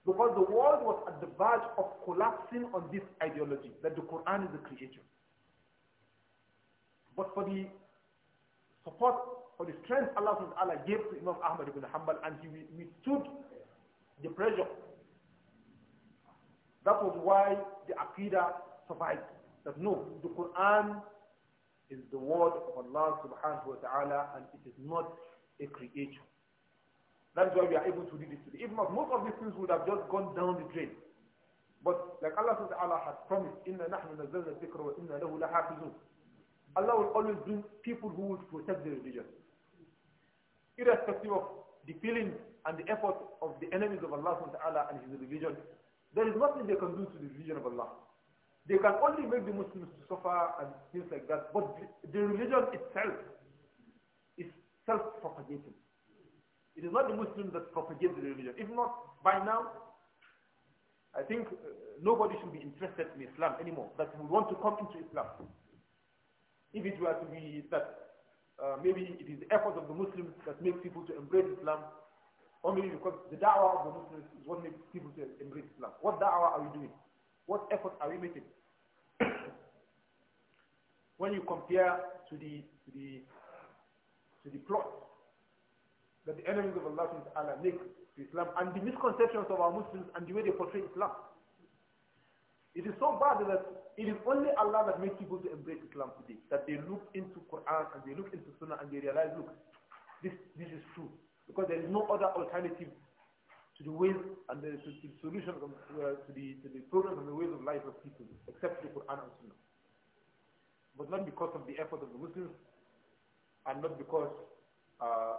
A: Because the world was at the verge of collapsing on this ideology that the Quran is the creator. But for the support, for the strength Allah SWT gave to Imam Ahmad ibn Hanbal and he withstood the pressure. That was why the Aqidah survived. That no, the Quran is the word of Allah subhanahu wa ta'ala and it is not a creator. That is why we are able to do this today. If not, most of these things would have just gone down the drain. But like Allah says, Allah has promised, إِنَّا نَحْنُ نَزَّلْنَا الذِّكْرَ وَإِنَّا لَهُ لَحَافِظُونَ Allah will always bring people who will protect the religion. Irrespective of the feelings and the effort of the enemies of Allah and his religion, there is nothing they can do to the religion of Allah. They can only make the Muslims to suffer and things like that. But the religion itself self-propagating. It is not the Muslim that propagates the religion. If not, by now, I think uh, nobody should be interested in Islam anymore, that we want to come into Islam. If it were to be that uh, maybe it is the effort of the Muslims that makes people to embrace Islam, or maybe because the da'wah of the Muslims is what makes people to embrace Islam. What da'wah are we doing? What effort are we making? when you compare to the, to the to the plot that the enemies of Allah Allah make to Islam and the misconceptions of our Muslims and the way they portray Islam. It is so bad that it is only Allah that makes people to embrace Islam today. That they look into Quran and they look into Sunnah and they realize, look, this, this is true. Because there is no other alternative to the ways and the, to, to the solution of, uh, to, the, to the problems and the ways of life of people except the Quran and Sunnah. But not because of the effort of the Muslims, and not because uh,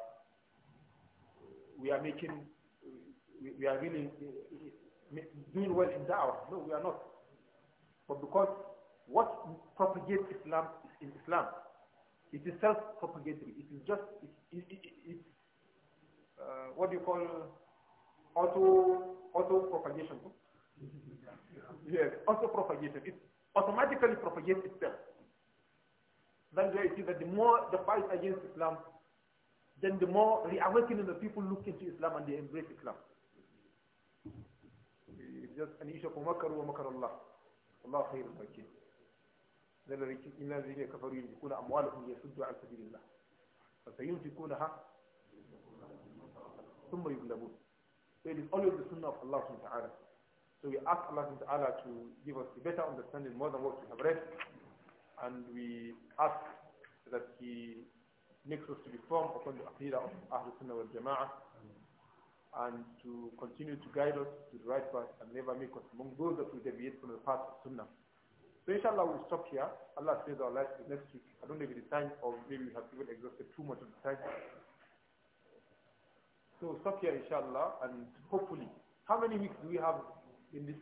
A: we are making, we, we are really eh, eh, doing well in Dawah. No, we are not. But because what propagates Islam is in Islam. It is self-propagatory. It is just, it, it, it, it uh, what do you call auto, auto-propagation? yes, auto-propagation. It automatically propagates itself. That's where you see that the more the fight against Islam, then the more reawakening the people look into Islam and they embrace Islam. It's just an issue for مكر ومكر Allah. الله خير الماكرين إن الذين كفروا ينفقون أموالهم ليصدوا عن سبيل الله فسينفقونها ثم يغلبون So it is always the sunnah of Allah subhanahu wa ta'ala. So we ask Allah subhanahu wa ta'ala to give us a better understanding more than what we have read and we ask that he makes us to be firm upon the aqidah of Ahlul Sunnah wal Jama'ah and to continue to guide us to the right path and never make us among those that will deviate from the path of Sunnah. So inshallah we'll stop here. Allah says our lives next week. I don't know if it is time or maybe we have even exhausted too much of the time. So stop here inshallah and hopefully. How many weeks do we have in this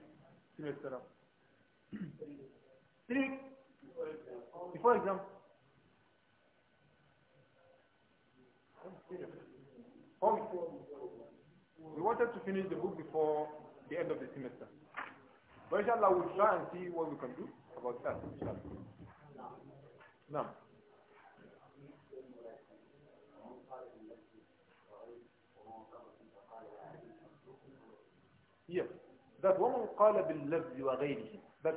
A: semester? Three for example, We wanted to finish the book before the end of the semester. But inshallah, we'll try and see what we can do about that. Now. Yes. That woman قال باللفظ وغيره. That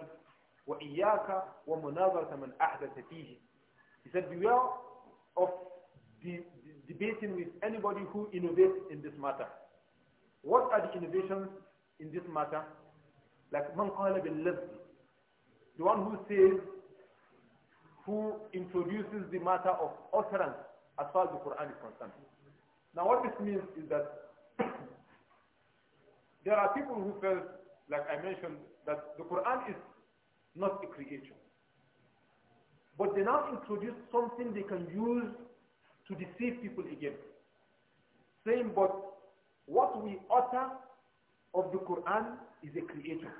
A: وَإِيَّاكَ وَمُنَاظَرَةَ مَنْ أَحْدَثَ فِيهِ He said, beware of debating with anybody who innovates in this matter. What are the innovations in this matter? Like man qala bil the one who says, who introduces the matter of utterance as far as the Quran is concerned. Now what this means is that there are people who felt, like I mentioned, that the Quran is not a creation. But they now introduce something they can use to deceive people again. Saying, but what we utter of the Quran is a creator.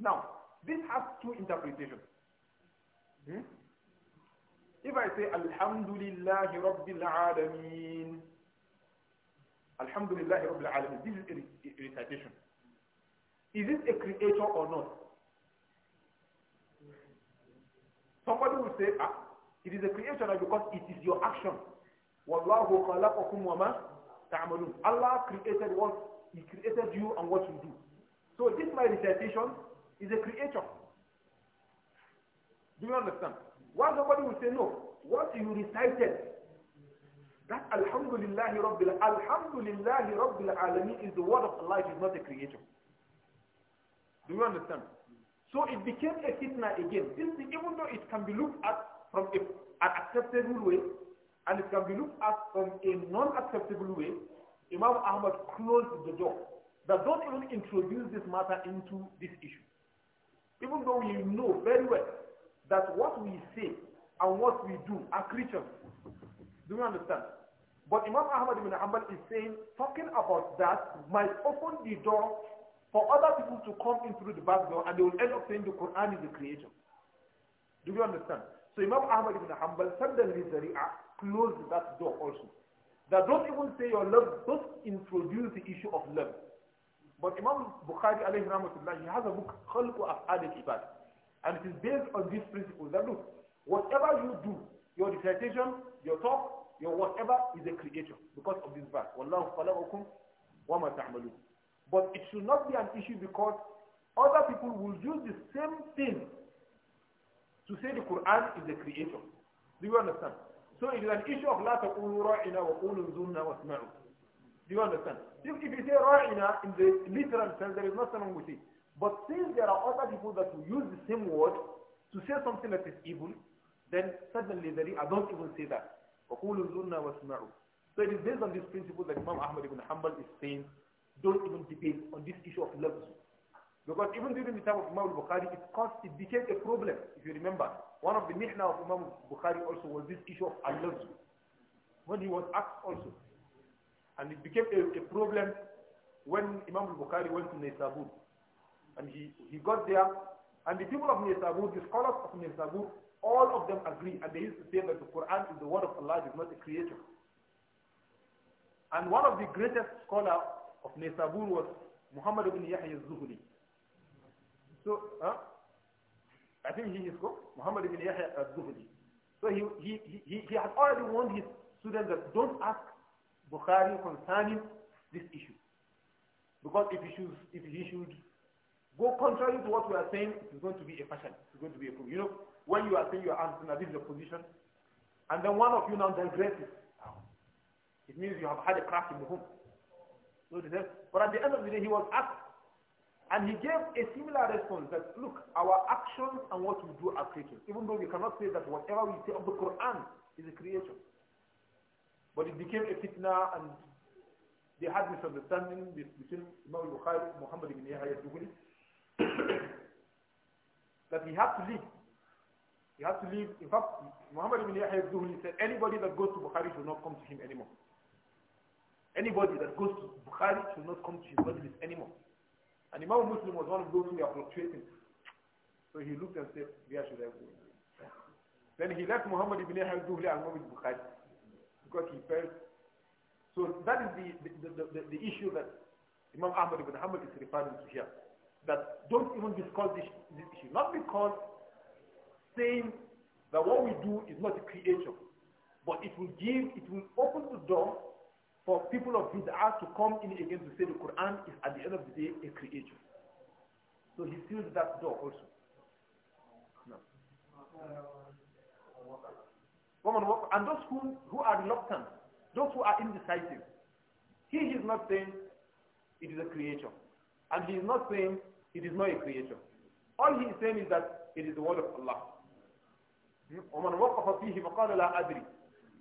A: Now, this has two interpretations. Hmm? If I say, Alhamdulillah Rabbil Alameen, Alhamdulillah Rabbil Alameen, this is a recitation. Is it a creator or not? Somebody will say, ah, it is a creation because it is your action. Wallahu khalaqakum wa ma ta'malun. Allah created what He created you and what you do. So this my recitation is a creation. Do you understand? Why somebody will say no? What you recited, that Alhamdulillahi Rabbil Alhamdulillahi Rabbil Alameen is the word of Allah, it is not a creation. Do you understand? So it became a fitna again. This thing, even though it can be looked at from a, an acceptable way, and it can be looked at from a non-acceptable way, Imam Ahmad closed the door. That don't even introduce this matter into this issue. Even though we know very well that what we say and what we do are creatures. Do you understand? But Imam Ahmad ibn Hamad is saying, talking about that might open the door for other people to come in through the back door and they will end up saying the Quran is the creator. Do you understand? So Imam Ahmad ibn Hanbal suddenly Zari'ah closed that door also. That don't even say your love, does introduce the issue of love. But Imam Bukhari alayhi rahmatullah, he has a book, Khalqu Af'al Ibad. And it is based on this principle that look, whatever you do, your recitation, your talk, your whatever is a creator because of this verse. Wallahu خَلَقَكُمْ وَمَا تَعْمَلُونَ but it should not be an issue because other people will use the same thing to say the Quran is the creator. Do you understand? So it is an issue of لا تقولوا رأينا وقولوا انظرنا واسمعوا. Do you understand? If, if you say رأينا in the literal sense, there is nothing wrong with it. But since there are other people that will use the same word to say something that is evil, then suddenly the, I don't even say that. وقولوا So it is based on this principle that Imam Ahmad ibn Hanbal is saying don't even debate on this issue of lafz. Because even during the time of Imam bukhari it, caused, it became a problem, if you remember. One of the mihna of Imam bukhari also was this issue of al When he was asked also. And it became a, a problem when Imam bukhari went to Naysabur. And he, he got there, and the people of Naysabur, the scholars of Naysabur, all of them agree, and they used to say that the Quran is the word of Allah, it is not a creator. And one of the greatest scholars of Nisabur was Muhammad ibn Yahya Zuhri. So, huh? I think he is called Muhammad ibn Yahya Zuhri. So he, he, he, he had already warned his students that don't ask Bukhari concerning this issue. Because if he should, if he should go contrary to what we are saying, it is going to be a fashion. It's going to be a problem. You know, when you are saying you are answering, this is your position, and then one of you now digresses. It means you have had a crack in the home so but at the end of the day, he was asked. And he gave a similar response that, look, our actions and what we do are creatures. Even though we cannot say that whatever we say of the Quran is a creation. But it became a fitna and they had misunderstanding between Imam al-Bukhari and Muhammad ibn Yahya that he had to leave. He had to leave. In fact, Muhammad ibn Yahya said, anybody that goes to Bukhari should not come to him anymore. Anybody that goes to Bukhari should not come to his majlis anymore. And Imam Muslim was one of those who were fluctuating. So he looked and said, where should I go? Then he left Muhammad ibn al-Zuhli and went with Bukhari because he felt. So that is the, the, the, the, the issue that Imam Ahmad ibn Hanbal is referring to here. That don't even discuss this, this issue. Not because saying that what we do is not a creation, but it will give, it will open the door for people of Bid'ah to come in again to say the Quran is at the end of the day a creation. So he seals that door also. No. And those who, who are reluctant, those who are indecisive, he is not saying it is a creation, And he is not saying it is not a creation. All he is saying is that it is the word of Allah.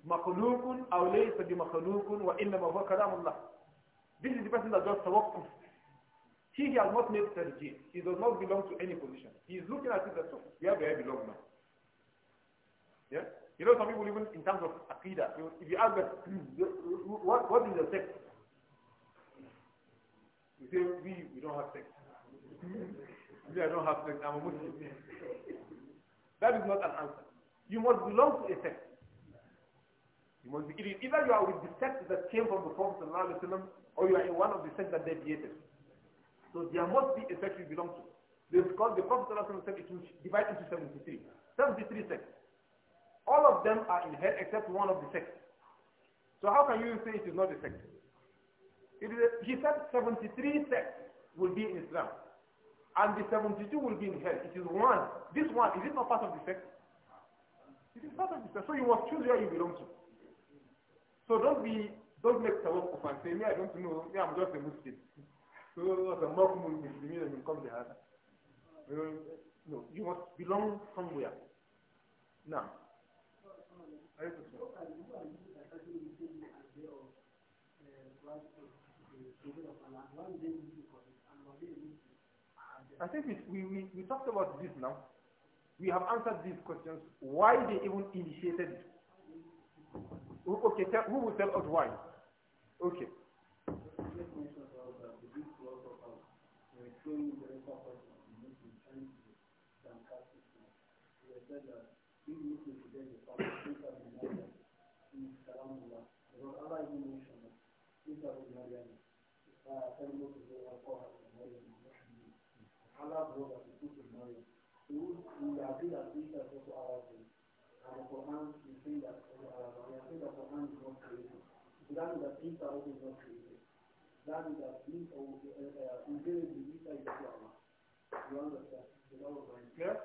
A: مخلوق أو ليس بمخلوق وإنما هو كلام الله This is the person that does tawakkuf. He, he has not made tarjih. He does not belong to any position. He is looking at it as, yeah, where I belong now. Yeah? You know, some people even in terms of aqidah, if you ask them, what, what is the sex? You say, we, we don't have sex. we, I don't have sex. I'm a Muslim. that is not an answer. You must belong to a sect. You must be either, either you are with the sect that came from the Prophet ﷺ, or you are in one of the sects that deviated. So there must be a sect you belong to. Because the Prophet ﷺ said it will divide into 73. 73 sects. All of them are in hell except one of the sects. So how can you say it is not a sect? It is a, he said 73 sects will be in Islam. And the 72 will be in hell. It is one. This one, is it not part of the sect? It is part of the sect. So you must choose where you belong to. So don't be, don't make tawakkuf and say, me, I don't know, me, I'm just a Muslim. So the Muslim Muslimin will come there. No, you must belong somewhere. Now, I have to think we, we, we talked about this now. We have answered these questions. Why they even initiated it. Okay, tell, who will tell us why? Okay. Thank you. then the peace is not created. the peace of uh, inherently inside the flower. You understand? Yeah.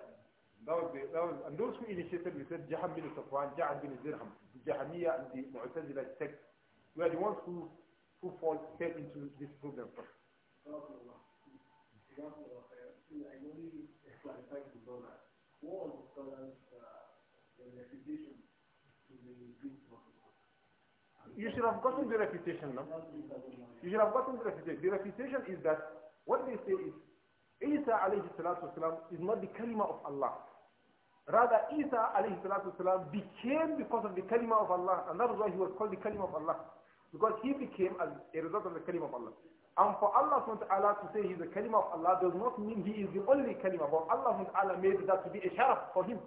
A: That was, the, that was, and those who initiated, we said Jaham bin Safwan, Jaham bin Zirham, Jahamiya and the Mu'tazila sect, were the ones who, who fall, fell into this problem first. What was uh, the scholars' uh, investigation you should have gotten the reputation, no? You should have gotten the reputation. The reputation is that what they say is Isa alayhi salatu wasalam is not the kalima of Allah. Rather, Isa alayhi salatu wasalam became because of the kalima of Allah, and that is why he was called the kalima of Allah. Because he became as a result of the kalima of Allah. And for Allah SWT to say he's the kalima of Allah does not mean he is the only kalima, but Allah SWT made that to be a sharaf for him.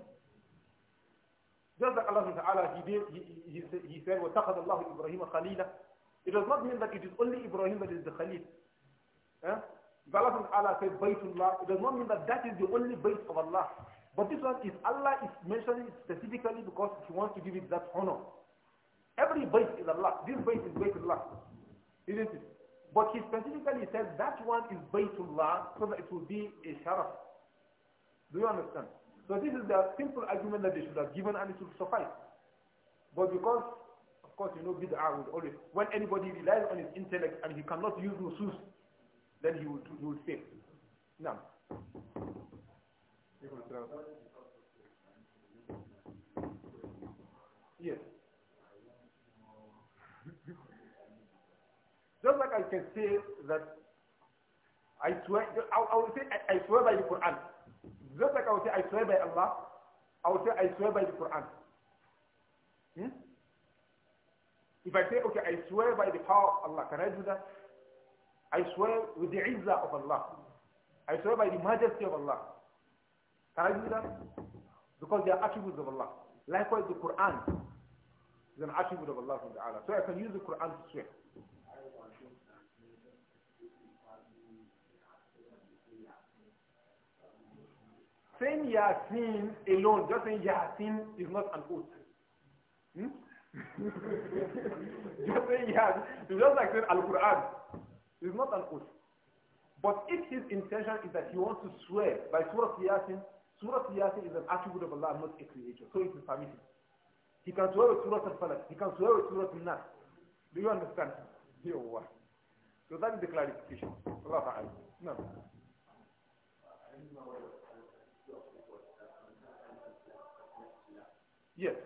A: جزاك الله تعالى he, did, he, he, he said وَتَخَذَ اللَّهُ إِبْرَهِيمَ خَلِيلًا It does not mean that it is only Ibrahim that is the Khalil. Eh? If Allah Ta'ala said Baytullah, it does not mean that that is the only bait of Allah. But this one is Allah is mentioning it specifically because He wants to give it that honor. Every bait is Allah. This bait is Baytullah. Isn't it? But He specifically says that one is Baytullah so that it will be a sharaf. Do you understand? So this is the simple argument that they should have given and it should suffice. But because, of course, you know, bid'ah would always, when anybody relies on his intellect and he cannot use nusus, then he would, he would fail. Now. Yes. Just like I can say that I swear, I, I will say I, I swear by the Quran. Just like I would say, I swear by Allah, I would say, I swear by the Quran. Hmm? If I say, okay, I swear by the power of Allah, can I do that? I swear with the izzah of Allah. I swear by the majesty of Allah. Can I do that? Because they are attributes of Allah. Likewise, the Quran is an attribute of Allah. So I can use the Quran to swear. saying Yasin alone, just saying Yasin is not an oath. Hmm? just saying Yasin, just like saying Al-Quran. is not an oath. But if his intention is that he wants to swear by Surah Yasin, Surah Yasin is an attribute of Allah, not a creator, so it is permitted. He can swear with Surah Al-Falaq, he can swear with Surah Al-Nas. Do you understand? Yawwa. So that is the clarification. Allah Ta'ala. No. Yes,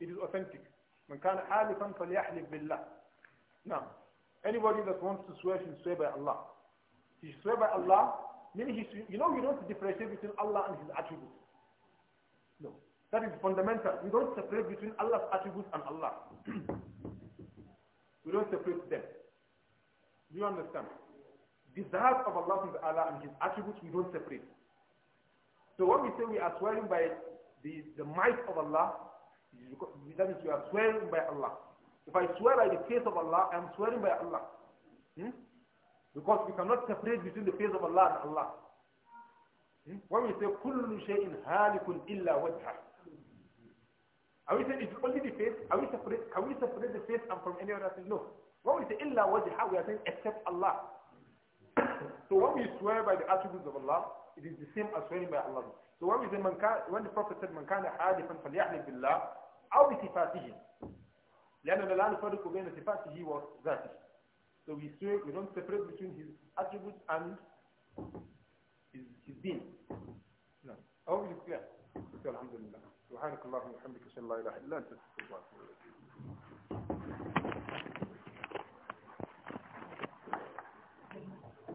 A: it is authentic. من كان حالفا فليحلف بالله. Now, anybody that wants to swear should swear by Allah. He swear by Allah, meaning he you know you don't differentiate between Allah and his attributes. No, that is fundamental. We don't separate between Allah's attributes and Allah. we don't separate them. Do you understand? Desires of Allah from Allah and His attributes we don't separate. So when we say we are swearing by the, the might of Allah, because that means you are swearing by Allah. If I swear by the face of Allah, I am swearing by Allah. Hmm? Because we cannot separate between the face of Allah and Allah. Hmm? When we say, كُلُّ شَيْءٍ هَالِكٌ إِلَّا وَجْهَهُ Are we saying it's only the face? Are we separate, can we separate the face and from any other thing? No. When we say, إِلَّا وَجْهَهُ, we are saying except Allah. so when we swear by the attributes of Allah, it is the same as swearing by Allah. So when we say, when the Prophet said, مَنْ كَانَ حَالِفًا فَلْيَحْلِفْ بِاللَّهِ أو بصفاته لأننا لا نفرق بين صفاته وذاته so we say we don't separate between his attributes and his, his being no I hope it is clear so alhamdulillah سبحانك اللهم وبحمدك اشهد ان لا اله الا انت استغفرك واتوب اليك